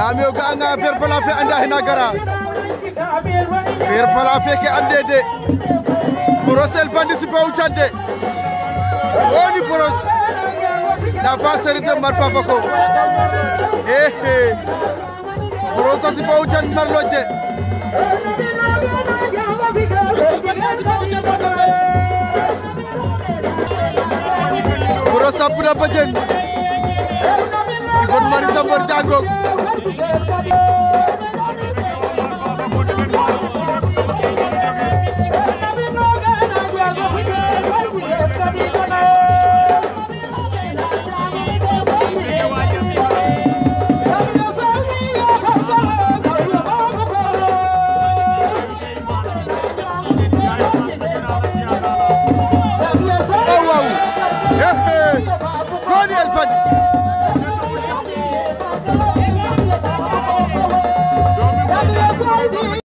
lamiyo ga anga fer pala fe anda hina gara fer pala fe ke andede porosel participe ucande woni poros la faserite marfa fako ehe eh. poros asipa ucan marlojde poros sappuna bajen Marisa Mbeur jàngoog Oh, my God.